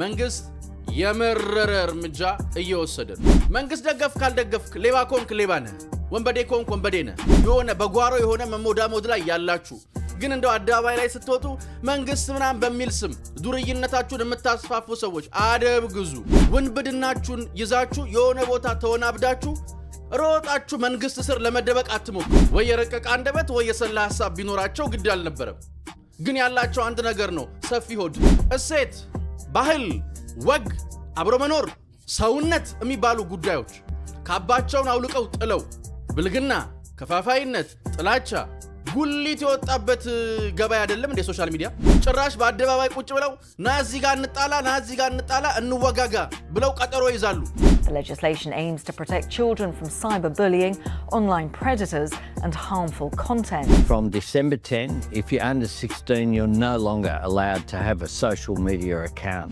መንግስት የመረረ እርምጃ እየወሰደ ነው። መንግስት ደገፍ ካልደገፍክ፣ ሌባ ኮንክ ሌባ ነህ፣ ወንበዴ ኮንክ ወንበዴ ነህ። የሆነ በጓሮ የሆነ መሞዳሞድ ላይ ያላችሁ ግን እንደው አደባባይ ላይ ስትወጡ መንግስት ምናምን በሚል ስም ዱርይነታችሁን የምታስፋፉ ሰዎች አደብ ግዙ። ውንብድናችሁን ይዛችሁ የሆነ ቦታ ተወናብዳችሁ ሮጣችሁ መንግስት ስር ለመደበቅ አትሞክሩ። ወይ የረቀቀ አንደበት ወይ የሰላ ሀሳብ ቢኖራቸው ግድ አልነበረም። ግን ያላቸው አንድ ነገር ነው፣ ሰፊ ሆድ እሴት ባህል፣ ወግ፣ አብሮ መኖር፣ ሰውነት የሚባሉ ጉዳዮች ካባቸውን አውልቀው ጥለው ብልግና፣ ከፋፋይነት፣ ጥላቻ ጉሊት የወጣበት ገበያ አይደለም እንደ ሶሻል ሚዲያ። ጭራሽ በአደባባይ ቁጭ ብለው ና እዚህ ጋር እንጣላ፣ ና እዚህ ጋር እንጣላ፣ እንወጋጋ ብለው ቀጠሮ ይዛሉ። The legislation aims to protect children from cyberbullying, online predators, and harmful content. From December 10, if you're under 16, you're no longer allowed to have a social media account.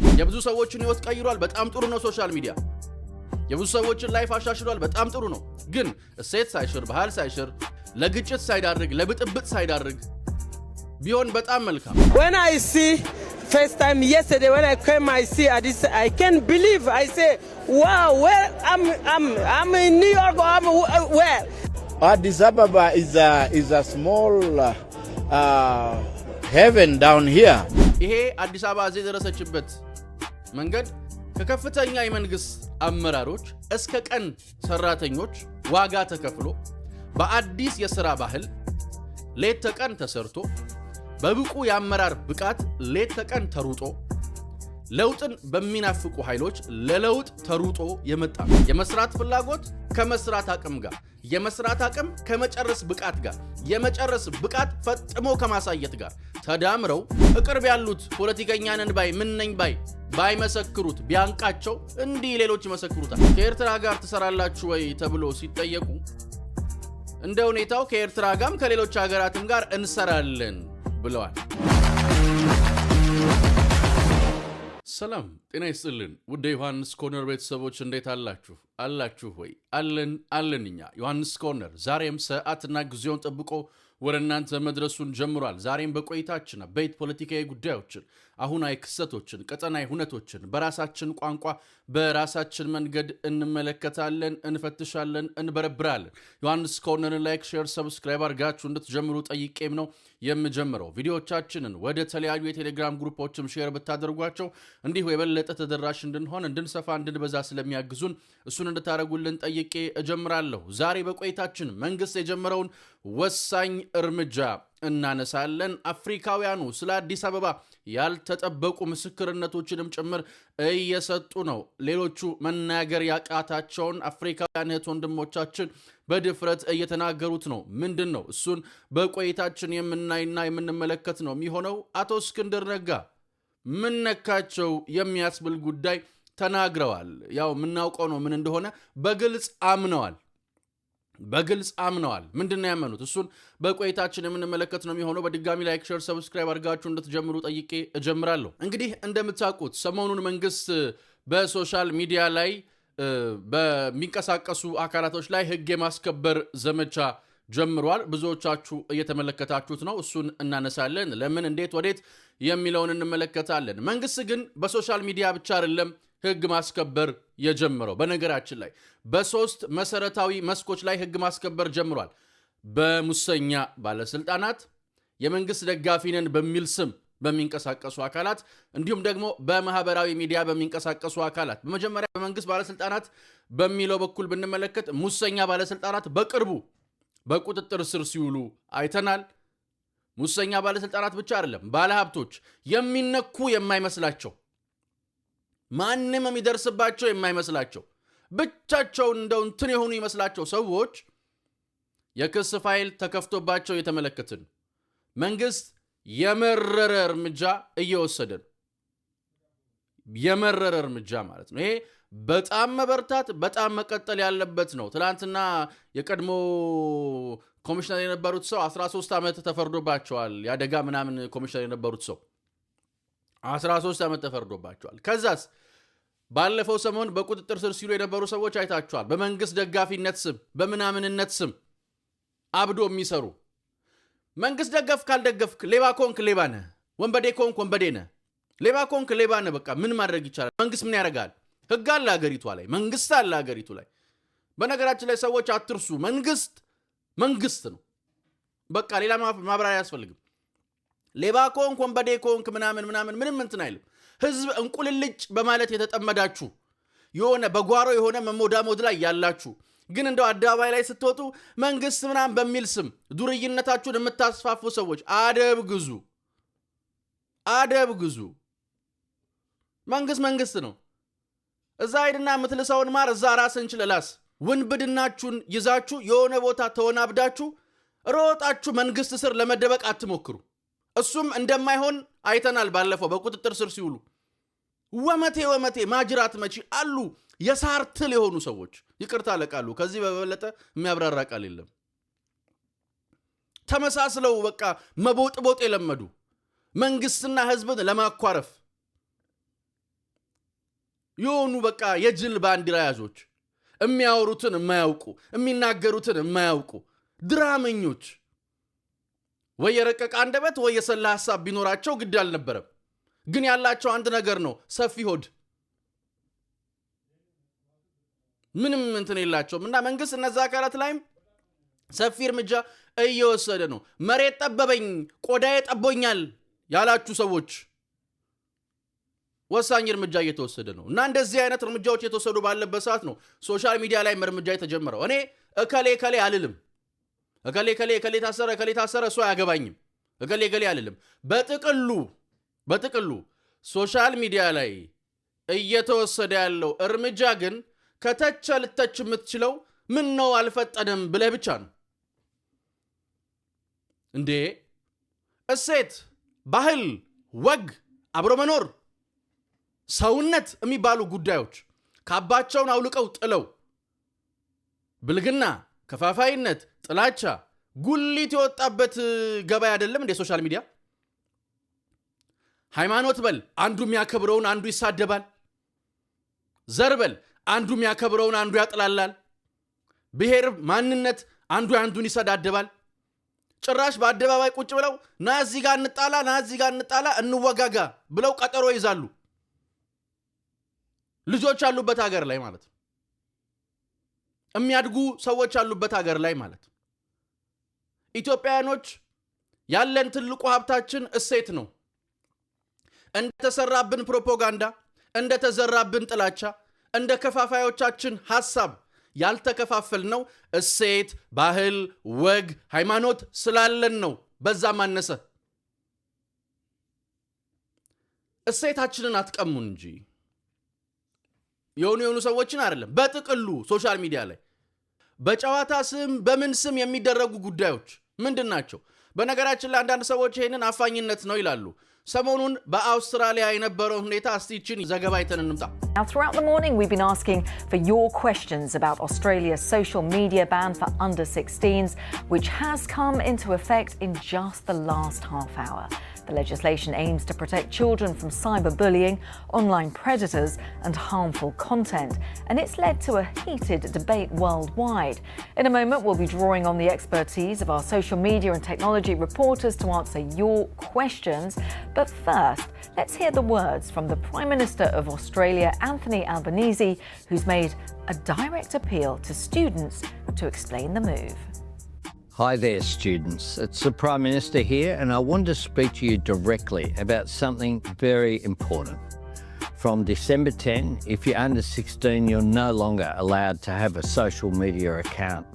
የብዙ ሰዎችን ላይፍ አሻሽሏል። በጣም ጥሩ ነው። ግን እሴት ሳይሽር፣ ባህል ሳይሽር፣ ለግጭት ሳይዳርግ፣ ለብጥብጥ ሳይዳርግ ቢሆን በጣም መልካም። when I see first time yesterday when I came I see Addis I can't believe I say wow where I'm I'm I'm in New York or I'm where Addis Ababa is a is a small uh, heaven down here ይሄ አዲስ አበባ እዚህ የደረሰችበት መንገድ ከከፍተኛ የመንግስት አመራሮች እስከ ቀን ሰራተኞች ዋጋ ተከፍሎ በአዲስ የሥራ ባህል ሌት ተቀን ተሰርቶ በብቁ የአመራር ብቃት ሌት ተቀን ተሩጦ ለውጥን በሚናፍቁ ኃይሎች ለለውጥ ተሩጦ የመጣ የመስራት ፍላጎት ከመስራት አቅም ጋር፣ የመስራት አቅም ከመጨረስ ብቃት ጋር፣ የመጨረስ ብቃት ፈጥሞ ከማሳየት ጋር ተዳምረው እቅርብ ያሉት ፖለቲከኛንን ባይ ምነኝ ባይ ባይመሰክሩት ቢያንቃቸው እንዲህ ሌሎች ይመሰክሩታል። ከኤርትራ ጋር ትሰራላችሁ ወይ ተብሎ ሲጠየቁ እንደ ሁኔታው ከኤርትራ ጋርም ከሌሎች ሀገራትም ጋር እንሰራለን ብለዋል። ሰላም ጤና ይስጥልን። ውደ ዮሐንስ ኮርነር ቤተሰቦች እንዴት አላችሁ? አላችሁ ወይ? አለን አለን። እኛ ዮሐንስ ኮርነር ዛሬም ሰዓትና ጊዜውን ጠብቆ ወደ እናንተ መድረሱን ጀምሯል። ዛሬም በቆይታችን አበይት ፖለቲካዊ ጉዳዮችን አሁናዊ ክስተቶችን፣ ቀጠናዊ ሁነቶችን በራሳችን ቋንቋ በራሳችን መንገድ እንመለከታለን፣ እንፈትሻለን፣ እንበረብራለን። ዮሐንስ ኮርነርን ላይክ፣ ሼር፣ ሰብስክራይብ አድርጋችሁ እንድትጀምሩ ጠይቄም ነው የምጀምረው። ቪዲዮዎቻችንን ወደ ተለያዩ የቴሌግራም ግሩፖችም ሼር ብታደርጓቸው እንዲሁ የበለጠ ተደራሽ እንድንሆን እንድንሰፋ፣ እንድንበዛ ስለሚያግዙን እሱን እንድታደርጉልን ጠይቄ እጀምራለሁ። ዛሬ በቆይታችን መንግስት የጀመረውን ወሳኝ እርምጃ እናነሳለን። አፍሪካውያኑ ስለ አዲስ አበባ ያልተጠበቁ ምስክርነቶችንም ጭምር እየሰጡ ነው። ሌሎቹ መናገር ያቃታቸውን አፍሪካውያን እህት ወንድሞቻችን በድፍረት እየተናገሩት ነው። ምንድን ነው እሱን በቆይታችን የምናይና የምንመለከት ነው የሚሆነው። አቶ እስክንድር ነጋ ምን ነካቸው የሚያስብል ጉዳይ ተናግረዋል። ያው የምናውቀው ነው ምን እንደሆነ በግልጽ አምነዋል። በግልጽ አምነዋል። ምንድን ነው ያመኑት? እሱን በቆይታችን የምንመለከት ነው የሚሆነው። በድጋሚ ላይክ፣ ሸር፣ ሰብስክራይብ አድርጋችሁ እንድትጀምሩ ጠይቄ እጀምራለሁ። እንግዲህ እንደምታውቁት ሰሞኑን መንግስት በሶሻል ሚዲያ ላይ በሚንቀሳቀሱ አካላቶች ላይ ህግ የማስከበር ዘመቻ ጀምሯል። ብዙዎቻችሁ እየተመለከታችሁት ነው። እሱን እናነሳለን። ለምን፣ እንዴት፣ ወዴት የሚለውን እንመለከታለን። መንግስት ግን በሶሻል ሚዲያ ብቻ አይደለም ህግ ማስከበር የጀመረው። በነገራችን ላይ በሶስት መሰረታዊ መስኮች ላይ ህግ ማስከበር ጀምሯል። በሙሰኛ ባለስልጣናት፣ የመንግስት ደጋፊ ነን በሚል ስም በሚንቀሳቀሱ አካላት እንዲሁም ደግሞ በማህበራዊ ሚዲያ በሚንቀሳቀሱ አካላት። በመጀመሪያ በመንግስት ባለስልጣናት በሚለው በኩል ብንመለከት ሙሰኛ ባለስልጣናት በቅርቡ በቁጥጥር ስር ሲውሉ አይተናል። ሙሰኛ ባለስልጣናት ብቻ አይደለም፣ ባለሀብቶች የሚነኩ የማይመስላቸው ማንም የሚደርስባቸው የማይመስላቸው ብቻቸው እንደው እንትን የሆኑ ይመስላቸው ሰዎች የክስ ፋይል ተከፍቶባቸው የተመለከትን መንግስት የመረረ እርምጃ እየወሰደ ነው። የመረረ እርምጃ ማለት ነው። ይሄ በጣም መበርታት በጣም መቀጠል ያለበት ነው። ትናንትና የቀድሞ ኮሚሽነር የነበሩት ሰው 13 ዓመት ተፈርዶባቸዋል። የአደጋ ምናምን ኮሚሽነር የነበሩት ሰው 13 ዓመት ተፈርዶባቸዋል። ከዛስ ባለፈው ሰሞን በቁጥጥር ስር ሲሉ የነበሩ ሰዎች አይታችኋል። በመንግስት ደጋፊነት ስም በምናምንነት ስም አብዶ የሚሰሩ መንግስት ደገፍ ካልደገፍክ ሌባ ኮንክ ሌባ ነህ፣ ወንበዴ ኮንክ ወንበዴ ነህ፣ ሌባ ኮንክ ሌባ ነህ። በቃ ምን ማድረግ ይቻላል? መንግስት ምን ያደርጋል? ህግ አለ ሀገሪቷ ላይ፣ መንግስት አለ ሀገሪቱ ላይ። በነገራችን ላይ ሰዎች አትርሱ፣ መንግስት መንግስት ነው። በቃ ሌላ ማብራሪያ አያስፈልግም። ሌባ ከሆንክ ወንበዴ ከሆንክ ምናምን ምናምን ምንም እንትን አይልም። ህዝብ እንቁልልጭ በማለት የተጠመዳችሁ የሆነ በጓሮ የሆነ መሞዳሞድ ላይ ያላችሁ ግን እንደው አደባባይ ላይ ስትወጡ መንግስት ምናምን በሚል ስም ዱርይነታችሁን የምታስፋፉ ሰዎች አደብ ግዙ፣ አደብ ግዙ። መንግስት መንግስት ነው። እዛ ሂድና የምትልሰውን ማር እዛ ራስን ችልላስ ውንብድናችሁን ይዛችሁ የሆነ ቦታ ተወናብዳችሁ ሮጣችሁ መንግስት ስር ለመደበቅ አትሞክሩ። እሱም እንደማይሆን አይተናል። ባለፈው በቁጥጥር ስር ሲውሉ ወመቴ ወመቴ ማጅራት መቺ አሉ የሳር ትል የሆኑ ሰዎች። ይቅርታ አለቃሉ። ከዚህ በበለጠ የሚያብራራ ቃል የለም። ተመሳስለው በቃ መቦጥቦጥ የለመዱ መንግስትና ህዝብን ለማኳረፍ የሆኑ በቃ የጅል ባንዲራ ያዞች፣ የሚያወሩትን የማያውቁ የሚናገሩትን የማያውቁ ድራመኞች ወይ የረቀቀ አንደበት ወይ የሰላ ሐሳብ ቢኖራቸው ግድ አልነበረም። ግን ያላቸው አንድ ነገር ነው፣ ሰፊ ሆድ። ምንም እንትን የላቸውም። እና መንግስት እነዛ አካላት ላይም ሰፊ እርምጃ እየወሰደ ነው። መሬት ጠበበኝ፣ ቆዳዬ ጠቦኛል ያላችሁ ሰዎች ወሳኝ እርምጃ እየተወሰደ ነው እና እንደዚህ አይነት እርምጃዎች የተወሰዱ ባለበት ሰዓት ነው ሶሻል ሚዲያ ላይም እርምጃ የተጀመረው። እኔ እከሌ እከሌ አልልም። እከሌ ከሌ ከሌ ታሰረ ከሌ ታሰረ እሱ አያገባኝም እከሌ ከሌ አይደለም። በጥቅሉ በጥቅሉ ሶሻል ሚዲያ ላይ እየተወሰደ ያለው እርምጃ ግን ከተቸ ልተች የምትችለው ምን ነው አልፈጠንም ብለህ ብቻ ነው እንዴ? እሴት፣ ባህል፣ ወግ፣ አብሮ መኖር፣ ሰውነት የሚባሉ ጉዳዮች ካባቸውን አውልቀው ጥለው ብልግና ከፋፋይነት፣ ጥላቻ፣ ጉሊት የወጣበት ገበያ አይደለም እንደ ሶሻል ሚዲያ። ሃይማኖት በል አንዱ የሚያከብረውን አንዱ ይሳደባል። ዘር በል አንዱ የሚያከብረውን አንዱ ያጥላላል። ብሔር፣ ማንነት አንዱ አንዱን ይሰዳደባል። ጭራሽ በአደባባይ ቁጭ ብለው ና እዚህ ጋር እንጣላ፣ ና እዚህ ጋር እንጣላ፣ እንወጋጋ ብለው ቀጠሮ ይዛሉ። ልጆች ያሉበት ሀገር ላይ ማለት ነው። የሚያድጉ ሰዎች ያሉበት ሀገር ላይ ማለት ኢትዮጵያውያኖች ያለን ትልቁ ሀብታችን እሴት ነው። እንደተሰራብን ፕሮፓጋንዳ፣ እንደተዘራብን ጥላቻ፣ እንደ ከፋፋዮቻችን ሀሳብ ያልተከፋፈል ነው እሴት፣ ባህል፣ ወግ፣ ሃይማኖት ስላለን ነው። በዛም አነሰ እሴታችንን አትቀሙን እንጂ የሆኑ የሆኑ ሰዎችን አይደለም፣ በጥቅሉ ሶሻል ሚዲያ ላይ በጨዋታ ስም በምን ስም የሚደረጉ ጉዳዮች ምንድን ናቸው? በነገራችን ላይ አንዳንድ ሰዎች ይህንን አፋኝነት ነው ይላሉ። ሰሞኑን በአውስትራሊያ የነበረውን ሁኔታ እስቲ ይችን ዘገባ አይተን እንምጣ። Now The legislation aims to protect children from cyberbullying, online predators, and harmful content, and it's led to a heated debate worldwide. In a moment, we'll be drawing on the expertise of our social media and technology reporters to answer your questions. But first, let's hear the words from the Prime Minister of Australia, Anthony Albanese, who's made a direct appeal to students to explain the move. Hi there, students. It's the Prime Minister here, and I want to speak to you directly about something very important. From December 10, if you're under 16, you're no longer allowed to have a social media account.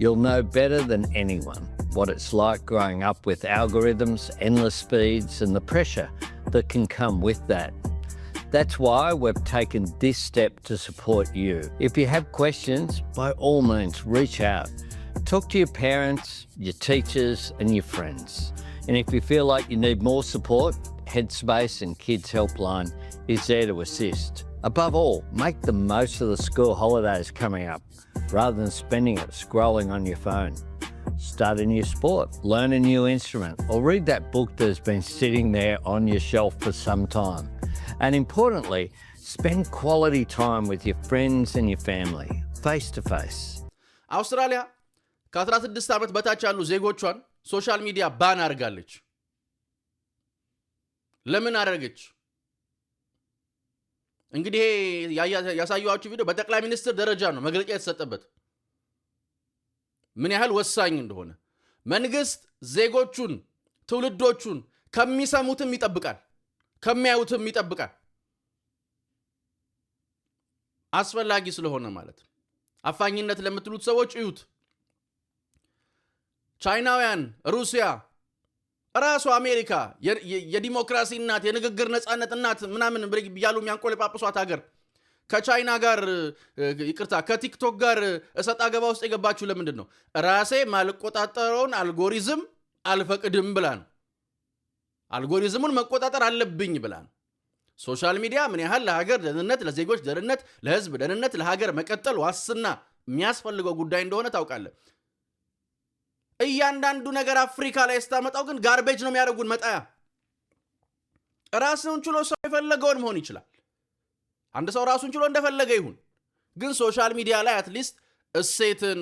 You'll know better than anyone what it's like growing up with algorithms, endless speeds, and the pressure that can come with that. That's why we've taken this step to support you. If you have questions, by all means, reach out. Talk to your parents, your teachers, and your friends. And if you feel like you need more support, Headspace and Kids Helpline is there to assist. Above all, make the most of the school holidays coming up rather than spending it scrolling on your phone. Start a new sport, learn a new instrument, or read that book that has been sitting there on your shelf for some time. And importantly, spend quality time with your friends and your family, face to face. Australia ከ16 ዓመት በታች ያሉ ዜጎቿን ሶሻል ሚዲያ ባን አድርጋለች። ለምን አደረገች? እንግዲህ ያሳየኋችሁ ቪዲዮ በጠቅላይ ሚኒስትር ደረጃ ነው መግለጫ የተሰጠበት ምን ያህል ወሳኝ እንደሆነ። መንግስት ዜጎቹን ትውልዶቹን ከሚሰሙትም ይጠብቃል፣ ከሚያዩትም ይጠብቃል። አስፈላጊ ስለሆነ ማለት አፋኝነት ለምትሉት ሰዎች እዩት። ቻይናውያን፣ ሩሲያ፣ ራሱ አሜሪካ የዲሞክራሲ እናት የንግግር ነፃነት እናት ምናምን እያሉ የሚያንቆለጳጵሷት ሀገር ከቻይና ጋር ይቅርታ ከቲክቶክ ጋር እሰጥ አገባ ውስጥ የገባችሁ ለምንድን ነው? ራሴ ማልቆጣጠረውን አልጎሪዝም አልፈቅድም ብላ ነው። አልጎሪዝሙን መቆጣጠር አለብኝ ብላ ነው። ሶሻል ሚዲያ ምን ያህል ለሀገር ደህንነት፣ ለዜጎች ደህንነት፣ ለህዝብ ደህንነት፣ ለሀገር መቀጠል ዋስና የሚያስፈልገው ጉዳይ እንደሆነ ታውቃለህ። እያንዳንዱ ነገር አፍሪካ ላይ ስታመጣው ግን ጋርቤጅ ነው የሚያደርጉን መጣያ። ራስን ችሎ ሰው የፈለገውን መሆን ይችላል። አንድ ሰው ራሱን ችሎ እንደፈለገ ይሁን፣ ግን ሶሻል ሚዲያ ላይ አትሊስት እሴትን፣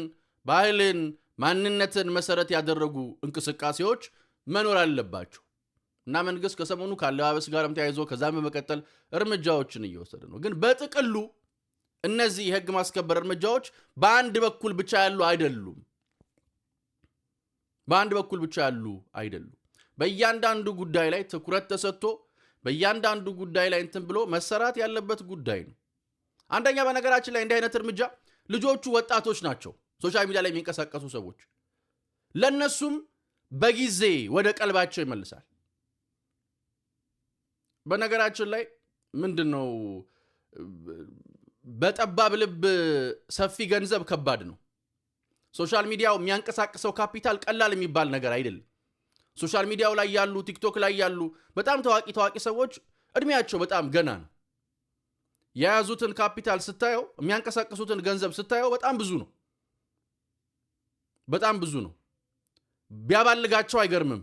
ባህልን፣ ማንነትን መሰረት ያደረጉ እንቅስቃሴዎች መኖር አለባቸው እና መንግስት ከሰሞኑ ከአለባበስ ጋርም ተያይዞ ከዛም በመቀጠል እርምጃዎችን እየወሰደ ነው። ግን በጥቅሉ እነዚህ የህግ ማስከበር እርምጃዎች በአንድ በኩል ብቻ ያሉ አይደሉም። በአንድ በኩል ብቻ ያሉ አይደሉም። በእያንዳንዱ ጉዳይ ላይ ትኩረት ተሰጥቶ በእያንዳንዱ ጉዳይ ላይ እንትን ብሎ መሰራት ያለበት ጉዳይ ነው። አንደኛ በነገራችን ላይ እንዲህ አይነት እርምጃ ልጆቹ ወጣቶች ናቸው፣ ሶሻል ሚዲያ ላይ የሚንቀሳቀሱ ሰዎች። ለእነሱም በጊዜ ወደ ቀልባቸው ይመልሳል። በነገራችን ላይ ምንድን ነው በጠባብ ልብ ሰፊ ገንዘብ ከባድ ነው። ሶሻል ሚዲያው የሚያንቀሳቅሰው ካፒታል ቀላል የሚባል ነገር አይደለም። ሶሻል ሚዲያው ላይ ያሉ ቲክቶክ ላይ ያሉ በጣም ታዋቂ ታዋቂ ሰዎች እድሜያቸው በጣም ገና ነው። የያዙትን ካፒታል ስታየው፣ የሚያንቀሳቅሱትን ገንዘብ ስታየው በጣም ብዙ ነው፣ በጣም ብዙ ነው። ቢያባልጋቸው አይገርምም፣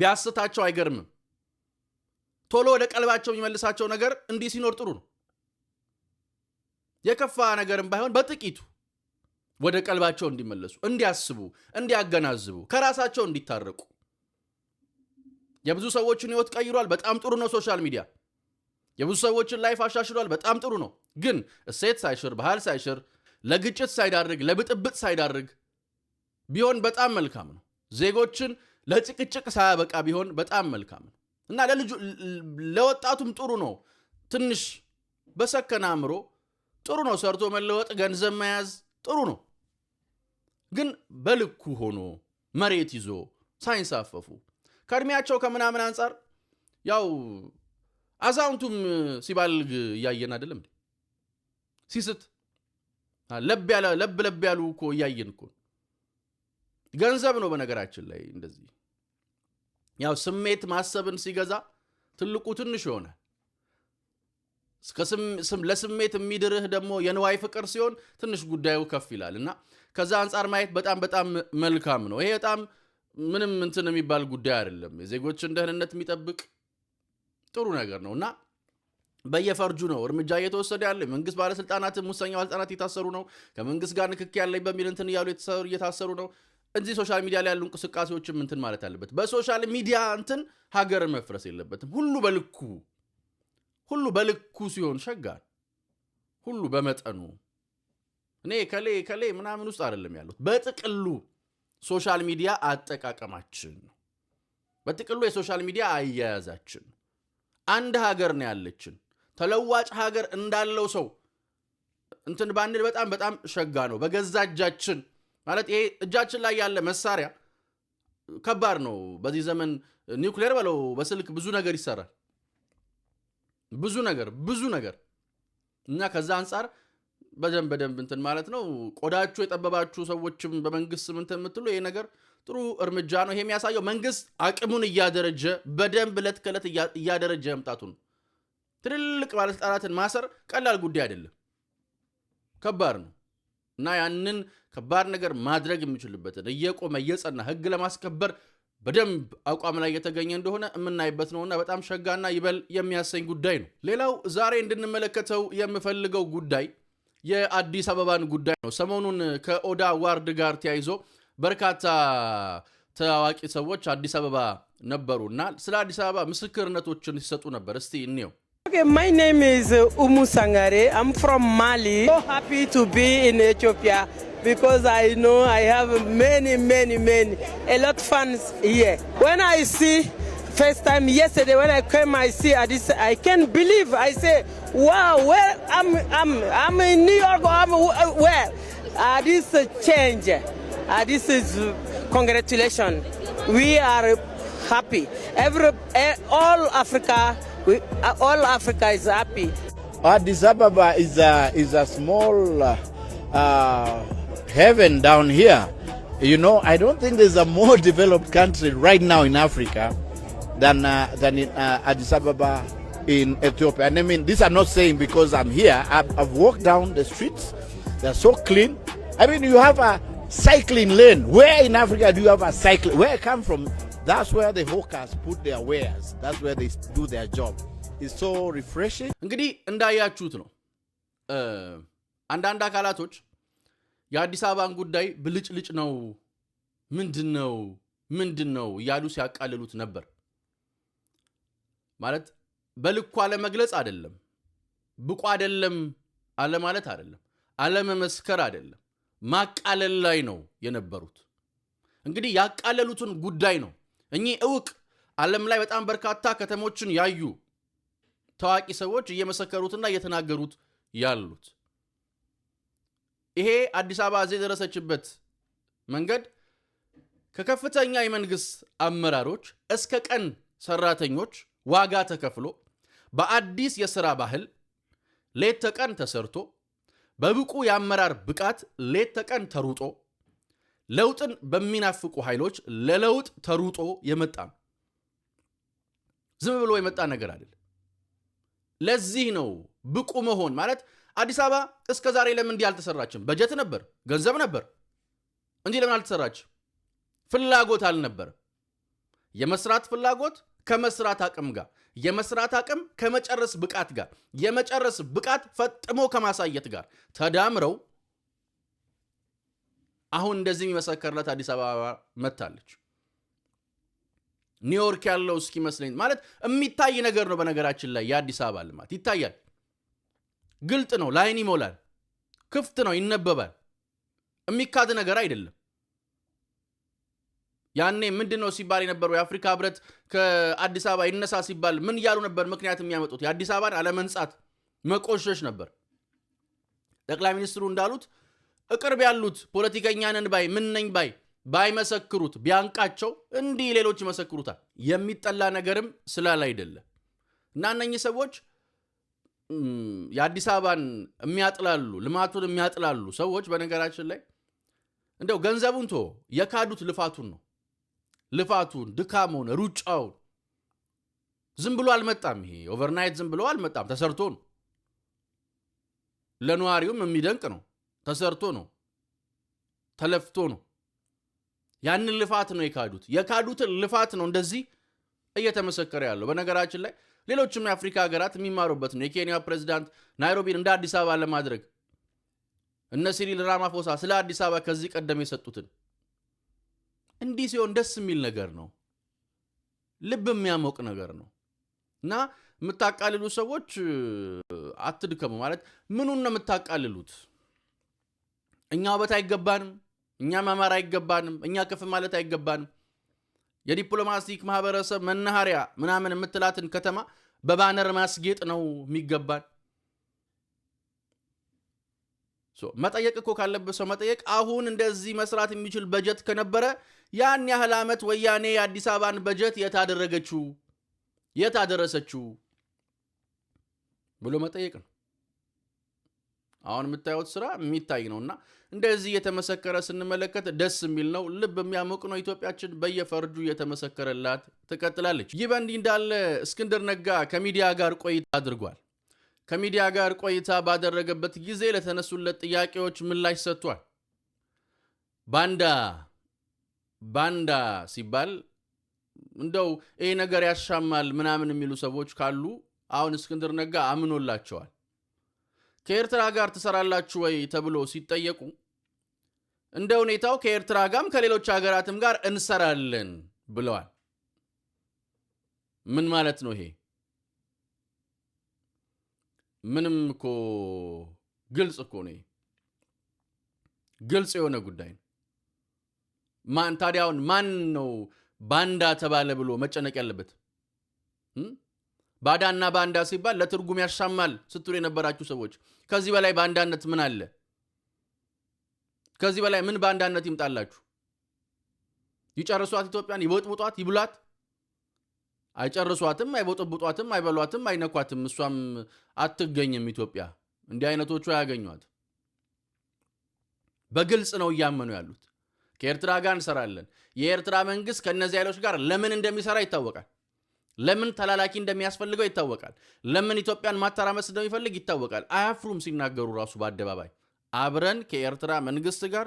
ቢያስታቸው አይገርምም። ቶሎ ወደ ቀልባቸው የሚመልሳቸው ነገር እንዲህ ሲኖር ጥሩ ነው። የከፋ ነገርም ባይሆን በጥቂቱ ወደ ቀልባቸው እንዲመለሱ፣ እንዲያስቡ፣ እንዲያገናዝቡ፣ ከራሳቸው እንዲታረቁ የብዙ ሰዎችን ህይወት ቀይሯል። በጣም ጥሩ ነው። ሶሻል ሚዲያ የብዙ ሰዎችን ላይፍ አሻሽሏል። በጣም ጥሩ ነው። ግን እሴት ሳይሽር፣ ባህል ሳይሽር፣ ለግጭት ሳይዳርግ፣ ለብጥብጥ ሳይዳርግ ቢሆን በጣም መልካም ነው። ዜጎችን ለጭቅጭቅ ሳያበቃ ቢሆን በጣም መልካም ነው እና ለወጣቱም ጥሩ ነው። ትንሽ በሰከነ አእምሮ ጥሩ ነው። ሰርቶ መለወጥ፣ ገንዘብ መያዝ ጥሩ ነው፣ ግን በልኩ ሆኖ መሬት ይዞ ሳይንሳፈፉ ከእድሜያቸው ከምናምን አንጻር ያው አዛውንቱም ሲባልግ እያየን አይደለም ሲስት ለብ ለብ ለብ ያሉ እኮ እያየን እኮ ገንዘብ ነው። በነገራችን ላይ እንደዚህ ያው ስሜት ማሰብን ሲገዛ ትልቁ ትንሽ ይሆናል። ለስሜት የሚድርህ ደግሞ የንዋይ ፍቅር ሲሆን ትንሽ ጉዳዩ ከፍ ይላል እና ከዛ አንጻር ማየት በጣም በጣም መልካም ነው። ይሄ በጣም ምንም እንትን የሚባል ጉዳይ አይደለም። የዜጎችን ደህንነት የሚጠብቅ ጥሩ ነገር ነው እና በየፈርጁ ነው እርምጃ እየተወሰደ ያለ የመንግስት ባለስልጣናት፣ ሙሰኛ ባለስልጣናት እየታሰሩ ነው። ከመንግስት ጋር ንክክ ያለኝ በሚል እንትን እያሉ እየታሰሩ ነው። እዚህ ሶሻል ሚዲያ ላይ ያሉ እንቅስቃሴዎችም እንትን ማለት አለበት። በሶሻል ሚዲያ እንትን ሀገር መፍረስ የለበትም። ሁሉ በልኩ ሁሉ በልኩ ሲሆን ሸጋን ሁሉ በመጠኑ እኔ ከሌ ከሌ ምናምን ውስጥ አይደለም ያሉት። በጥቅሉ ሶሻል ሚዲያ አጠቃቀማችን ነው። በጥቅሉ የሶሻል ሚዲያ አያያዛችን አንድ ሀገር ነው ያለችን ተለዋጭ ሀገር እንዳለው ሰው እንትን ባንል በጣም በጣም ሸጋ ነው። በገዛ እጃችን ማለት ይሄ እጃችን ላይ ያለ መሳሪያ ከባድ ነው። በዚህ ዘመን ኒውክሌር በለው በስልክ ብዙ ነገር ይሰራል። ብዙ ነገር ብዙ ነገር እና ከዛ አንጻር በደንብ በደንብ እንትን ማለት ነው። ቆዳችሁ የጠበባችሁ ሰዎችም በመንግስት እንትን የምትሉ ይሄ ነገር ጥሩ እርምጃ ነው። ይሄ የሚያሳየው መንግስት አቅሙን እያደረጀ በደንብ ዕለት ከዕለት እያደረጀ መምጣቱ ነው ትልልቅ ባለስልጣናትን ማሰር ቀላል ጉዳይ አይደለም፣ ከባድ ነው እና ያንን ከባድ ነገር ማድረግ የሚችልበትን እየቆመ እየጸና ህግ ለማስከበር በደንብ አቋም ላይ የተገኘ እንደሆነ የምናይበት ነውና በጣም ሸጋና ይበል የሚያሰኝ ጉዳይ ነው። ሌላው ዛሬ እንድንመለከተው የምፈልገው ጉዳይ የአዲስ አበባን ጉዳይ ነው። ሰሞኑን ከኦዳ ዋርድ ጋር ተያይዞ በርካታ ታዋቂ ሰዎች አዲስ አበባ ነበሩና ስለ አዲስ አበባ ምስክርነቶችን ሲሰጡ ነበር። እስቲ እንየው። Okay, my name is uh, Umu Sangare. I'm from Mali. So happy to be in Ethiopia because I know I have many, many, many, a lot fans here. When I see first time yesterday when I came, I see this. I can't believe. I say, wow, where I'm, I'm, I'm in New York. I'm uh, where? Uh, this change. Uh, this is congratulations. We are happy. Every eh, all Africa. We, uh, all Africa is happy. Addis Ababa is a, is a small uh, uh heaven down here. You know, I don't think there's a more developed country right now in Africa than, uh, than in uh, Addis Ababa in Ethiopia. And I mean, this I'm not saying because I'm here. I've, I've walked down the streets, they're so clean. I mean, you have a cycling lane. Where in Africa do you have a cycling? Where I come from, That's where the hawkers put their wares. That's where they do their job. It's so refreshing. እንግዲህ እንዳያችሁት ነው አንዳንድ አካላቶች የአዲስ አበባን ጉዳይ ብልጭልጭ ነው ምንድን ነው ምንድን ነው እያሉ ሲያቃልሉት ነበር። ማለት በልኩ አለመግለጽ አይደለም፣ ብቁ አይደለም አለማለት አይደለም፣ አለመመስከር አይደለም፣ ማቃለል ላይ ነው የነበሩት። እንግዲህ ያቃለሉትን ጉዳይ ነው እኚህ እውቅ ዓለም ላይ በጣም በርካታ ከተሞችን ያዩ ታዋቂ ሰዎች እየመሰከሩትና እየተናገሩት ያሉት ይሄ አዲስ አበባ እዚህ የደረሰችበት መንገድ ከከፍተኛ የመንግስት አመራሮች እስከ ቀን ሰራተኞች ዋጋ ተከፍሎ በአዲስ የሥራ ባህል ሌት ተቀን ተሰርቶ በብቁ የአመራር ብቃት ሌት ተቀን ተሩጦ ለውጥን በሚናፍቁ ኃይሎች ለለውጥ ተሩጦ የመጣ ነው። ዝም ብሎ የመጣ ነገር አይደለም። ለዚህ ነው ብቁ መሆን ማለት አዲስ አበባ እስከ ዛሬ ለምን እንዲህ አልተሰራችም? በጀት ነበር፣ ገንዘብ ነበር እንጂ ለምን አልተሰራችም? ፍላጎት አልነበር። የመስራት ፍላጎት ከመስራት አቅም ጋር፣ የመስራት አቅም ከመጨረስ ብቃት ጋር፣ የመጨረስ ብቃት ፈጥሞ ከማሳየት ጋር ተዳምረው አሁን እንደዚህ የሚመሰከርለት አዲስ አበባ መታለች። ኒውዮርክ ያለው እስኪመስለኝ ማለት የሚታይ ነገር ነው። በነገራችን ላይ የአዲስ አበባ ልማት ይታያል፣ ግልጥ ነው፣ ላይን ይሞላል፣ ክፍት ነው፣ ይነበባል። የሚካድ ነገር አይደለም። ያኔ ምንድን ነው ሲባል የነበረው የአፍሪካ ህብረት ከአዲስ አበባ ይነሳ ሲባል ምን እያሉ ነበር? ምክንያት የሚያመጡት የአዲስ አበባን አለመንጻት መቆሸሽ ነበር። ጠቅላይ ሚኒስትሩ እንዳሉት እቅርብ ያሉት ፖለቲከኛንን ባይ ምነኝ ባይ ባይመሰክሩት ቢያንቃቸው እንዲህ ሌሎች ይመሰክሩታል። የሚጠላ ነገርም ስላል አይደለም እና እነኚህ ሰዎች የአዲስ አበባን የሚያጥላሉ ልማቱን የሚያጥላሉ ሰዎች በነገራችን ላይ እንደው ገንዘቡን ቶ የካዱት ልፋቱን ነው። ልፋቱን፣ ድካሙን፣ ሩጫውን ዝም ብሎ አልመጣም። ይሄ ኦቨርናይት ዝም ብሎ አልመጣም፣ ተሰርቶ ነው። ለነዋሪውም የሚደንቅ ነው። ተሰርቶ ነው፣ ተለፍቶ ነው። ያንን ልፋት ነው የካዱት። የካዱትን ልፋት ነው እንደዚህ እየተመሰከረ ያለው። በነገራችን ላይ ሌሎችም የአፍሪካ ሀገራት የሚማሩበት ነው። የኬንያ ፕሬዚዳንት ናይሮቢን እንደ አዲስ አበባ ለማድረግ እነ ሲሪል ራማፎሳ ስለ አዲስ አበባ ከዚህ ቀደም የሰጡትን እንዲህ ሲሆን ደስ የሚል ነገር ነው። ልብ የሚያሞቅ ነገር ነው እና የምታቃልሉ ሰዎች አትድከሙ። ማለት ምኑን ነው የምታቃልሉት? እኛ ውበት አይገባንም፣ እኛ መማር አይገባንም፣ እኛ ከፍ ማለት አይገባንም። የዲፕሎማቲክ ማህበረሰብ መናኸሪያ ምናምን የምትላትን ከተማ በባነር ማስጌጥ ነው የሚገባን። መጠየቅ እኮ ካለበት ሰው መጠየቅ። አሁን እንደዚህ መስራት የሚችል በጀት ከነበረ ያን ያህል ዓመት ወያኔ የአዲስ አበባን በጀት የት አደረገችው የት አደረሰችው ብሎ መጠየቅ ነው። አሁን የምታዩት ስራ የሚታይ ነው እና እንደዚህ እየተመሰከረ ስንመለከት ደስ የሚል ነው፣ ልብ የሚያሞቅ ነው። ኢትዮጵያችን በየፈርጁ እየተመሰከረላት ትቀጥላለች። ይህ በእንዲህ እንዳለ እስክንድር ነጋ ከሚዲያ ጋር ቆይታ አድርጓል። ከሚዲያ ጋር ቆይታ ባደረገበት ጊዜ ለተነሱለት ጥያቄዎች ምላሽ ሰጥቷል። ባንዳ ባንዳ ሲባል እንደው ይሄ ነገር ያሻማል ምናምን የሚሉ ሰዎች ካሉ አሁን እስክንድር ነጋ አምኖላቸዋል። ከኤርትራ ጋር ትሰራላችሁ ወይ ተብሎ ሲጠየቁ እንደ ሁኔታው ከኤርትራ ጋርም ከሌሎች ሀገራትም ጋር እንሰራለን ብለዋል። ምን ማለት ነው ይሄ? ምንም እኮ ግልጽ እኮ ነው፣ ግልጽ የሆነ ጉዳይ ነው። ማን ታዲያውን ማን ነው ባንዳ ተባለ ብሎ መጨነቅ ያለበት? ባዳና ባንዳ ሲባል ለትርጉም ያሻማል ስትሉ የነበራችሁ ሰዎች ከዚህ በላይ ባንዳነት ምን አለ? ከዚህ በላይ ምን በአንዳነት ይምጣላችሁ? ይጨርሷት ኢትዮጵያን፣ ይቦጥቡጧት፣ ይብሏት። አይጨርሷትም፣ አይቦጥቡጧትም፣ አይበሏትም፣ አይነኳትም። እሷም አትገኝም ኢትዮጵያ። እንዲህ አይነቶቹ አያገኟት። በግልጽ ነው እያመኑ ያሉት። ከኤርትራ ጋር እንሰራለን። የኤርትራ መንግስት ከእነዚህ ኃይሎች ጋር ለምን እንደሚሰራ ይታወቃል። ለምን ተላላኪ እንደሚያስፈልገው ይታወቃል። ለምን ኢትዮጵያን ማተራመስ እንደሚፈልግ ይታወቃል። አያፍሩም ሲናገሩ ራሱ በአደባባይ አብረን ከኤርትራ መንግስት ጋር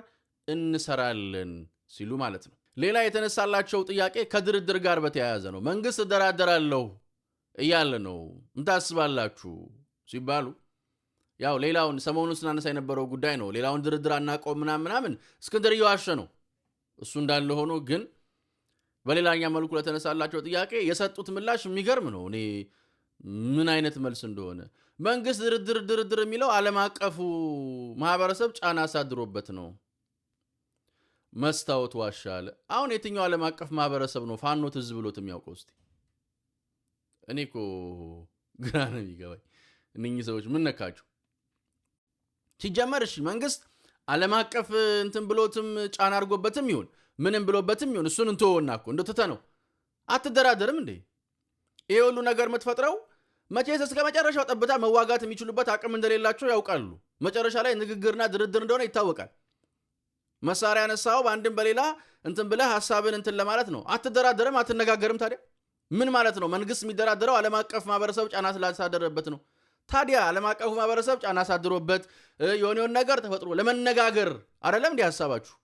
እንሰራለን ሲሉ ማለት ነው። ሌላ የተነሳላቸው ጥያቄ ከድርድር ጋር በተያያዘ ነው። መንግስት እደራደራለሁ እያለ ነው እንታስባላችሁ ሲባሉ ያው ሌላውን ሰሞኑን ስናነሳ የነበረው ጉዳይ ነው። ሌላውን ድርድር አናቀው ምናምን ምናምን እስክንድር እየዋሸ ነው። እሱ እንዳለ ሆኖ ግን በሌላኛ መልኩ ለተነሳላቸው ጥያቄ የሰጡት ምላሽ የሚገርም ነው። እኔ ምን አይነት መልስ እንደሆነ መንግስት ድርድር ድርድር የሚለው ዓለም አቀፉ ማህበረሰብ ጫና አሳድሮበት ነው። መስታወት ዋሻ አለ። አሁን የትኛው ዓለም አቀፍ ማህበረሰብ ነው ፋኖ ትዝ ብሎት የሚያውቀው? እስቲ እኔ እኮ ግራ ነው የሚገባኝ። እነኚህ ሰዎች ምን ነካችሁ ሲጀመር? እሺ መንግስት ዓለም አቀፍ እንትን ብሎትም ጫና አድርጎበትም ይሁን ምንም ብሎበትም ይሁን እሱን እንትወና እኮ ትተ ነው አትደራደርም እንዴ? ይህ ሁሉ ነገር የምትፈጥረው መቼስ እስከ መጨረሻው ጠብታ መዋጋት የሚችሉበት አቅም እንደሌላቸው ያውቃሉ። መጨረሻ ላይ ንግግርና ድርድር እንደሆነ ይታወቃል። መሳሪያ ነሳው በአንድም በሌላ እንትን ብለህ ሀሳብን እንትን ለማለት ነው። አትደራደርም፣ አትነጋገርም። ታዲያ ምን ማለት ነው? መንግስት የሚደራደረው ዓለም አቀፍ ማህበረሰብ ጫና ስላሳደረበት ነው። ታዲያ ዓለም አቀፉ ማህበረሰብ ጫና አሳድሮበት የሆነውን ነገር ተፈጥሮ ለመነጋገር አይደለም እንዲህ ሀሳባችሁ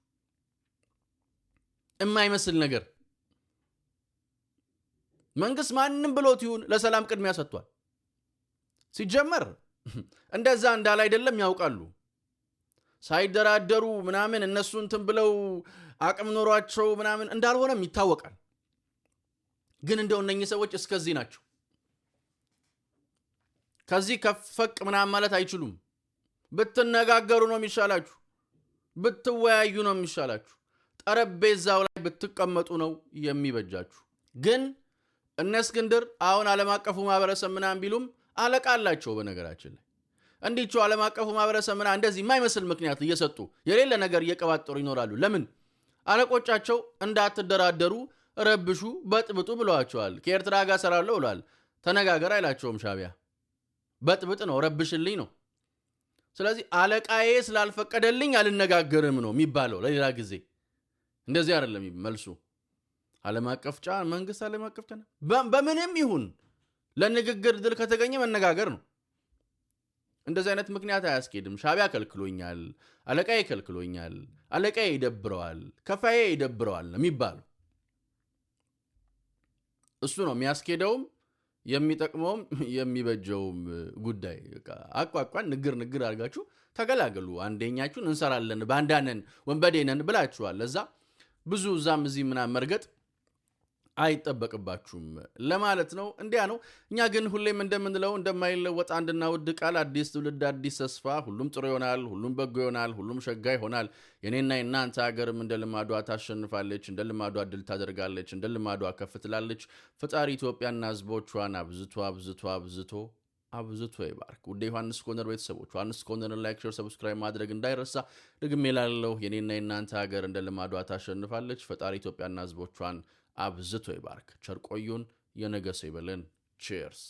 የማይመስል ነገር መንግስት ማንም ብሎት ይሁን ለሰላም ቅድሚያ ሰጥቷል። ሲጀመር እንደዛ እንዳለ አይደለም ያውቃሉ። ሳይደራደሩ ምናምን እነሱ እንትን ብለው አቅም ኖሯቸው ምናምን እንዳልሆነም ይታወቃል። ግን እንደው እነኚህ ሰዎች እስከዚህ ናቸው። ከዚህ ከፈቅ ምናምን ማለት አይችሉም። ብትነጋገሩ ነው የሚሻላችሁ፣ ብትወያዩ ነው የሚሻላችሁ፣ ጠረጴዛው ላይ ብትቀመጡ ነው የሚበጃችሁ ግን እነ እስክንድር አሁን ዓለም አቀፉ ማህበረሰብ ምናምን ቢሉም አለቃ አላቸው። በነገራችን ላይ እንዲቹ ዓለም አቀፉ ማህበረሰብ ምናምን እንደዚህ የማይመስል ምክንያት እየሰጡ የሌለ ነገር እየቀባጠሩ ይኖራሉ። ለምን አለቆቻቸው እንዳትደራደሩ ረብሹ፣ በጥብጡ ብለዋቸዋል። ከኤርትራ ጋር ሰራለሁ ብለዋል። ተነጋገር አይላቸውም ሻቢያ። በጥብጥ ነው፣ ረብሽልኝ ነው። ስለዚህ አለቃዬ ስላልፈቀደልኝ አልነጋገርም ነው የሚባለው። ለሌላ ጊዜ እንደዚህ አይደለም መልሱ። ዓለም አቀፍ ጫና መንግስት ዓለም አቀፍ ጫና በምንም ይሁን ለንግግር ድል ከተገኘ መነጋገር ነው። እንደዚህ አይነት ምክንያት አያስኬድም። ሻቢያ ከልክሎኛል፣ አለቃ ከልክሎኛል፣ አለቃዬ ይደብረዋል፣ ከፋዬ ይደብረዋል ነው የሚባለው። እሱ ነው የሚያስኬደውም የሚጠቅመውም የሚበጀውም ጉዳይ። አቋቋን ንግር ንግር አድርጋችሁ ተገላገሉ። አንደኛችሁን እንሰራለን፣ ባንዳነን፣ ወንበዴነን ብላችኋል። ለዛ ብዙ እዛም እዚህ ምናምን መርገጥ አይጠበቅባችሁም ለማለት ነው። እንዲያ ነው። እኛ ግን ሁሌም እንደምንለው እንደማይለወጥ አንድና ውድ ቃል አዲስ ትውልድ አዲስ ተስፋ፣ ሁሉም ጥሩ ይሆናል፣ ሁሉም በጎ ይሆናል፣ ሁሉም ሸጋ ይሆናል። የኔና የናንተ ሀገርም እንደ ልማዷ ታሸንፋለች፣ እንደ ልማዷ ድል ታደርጋለች፣ እንደ ልማዷ ከፍ ትላለች። ፈጣሪ ኢትዮጵያና ሕዝቦቿን አብዝቶ አብዝቶ አብዝቶ አብዝቶ ይባርክ። ውድ ዮሐንስ ኮርነር ቤተሰቦች ዮሐንስ ኮርነርን ላይክ፣ ሼር፣ ሰብስክራይብ ማድረግ እንዳይረሳ። ደግሜ ላለው የኔና የናንተ ሀገር እንደ ልማዷ ታሸንፋለች። ፈጣሪ ኢትዮጵያና ሕዝቦቿን አብዝቶ ይባርክ። ቸርቆዩን የነገሰ ይበለን። ቼርስ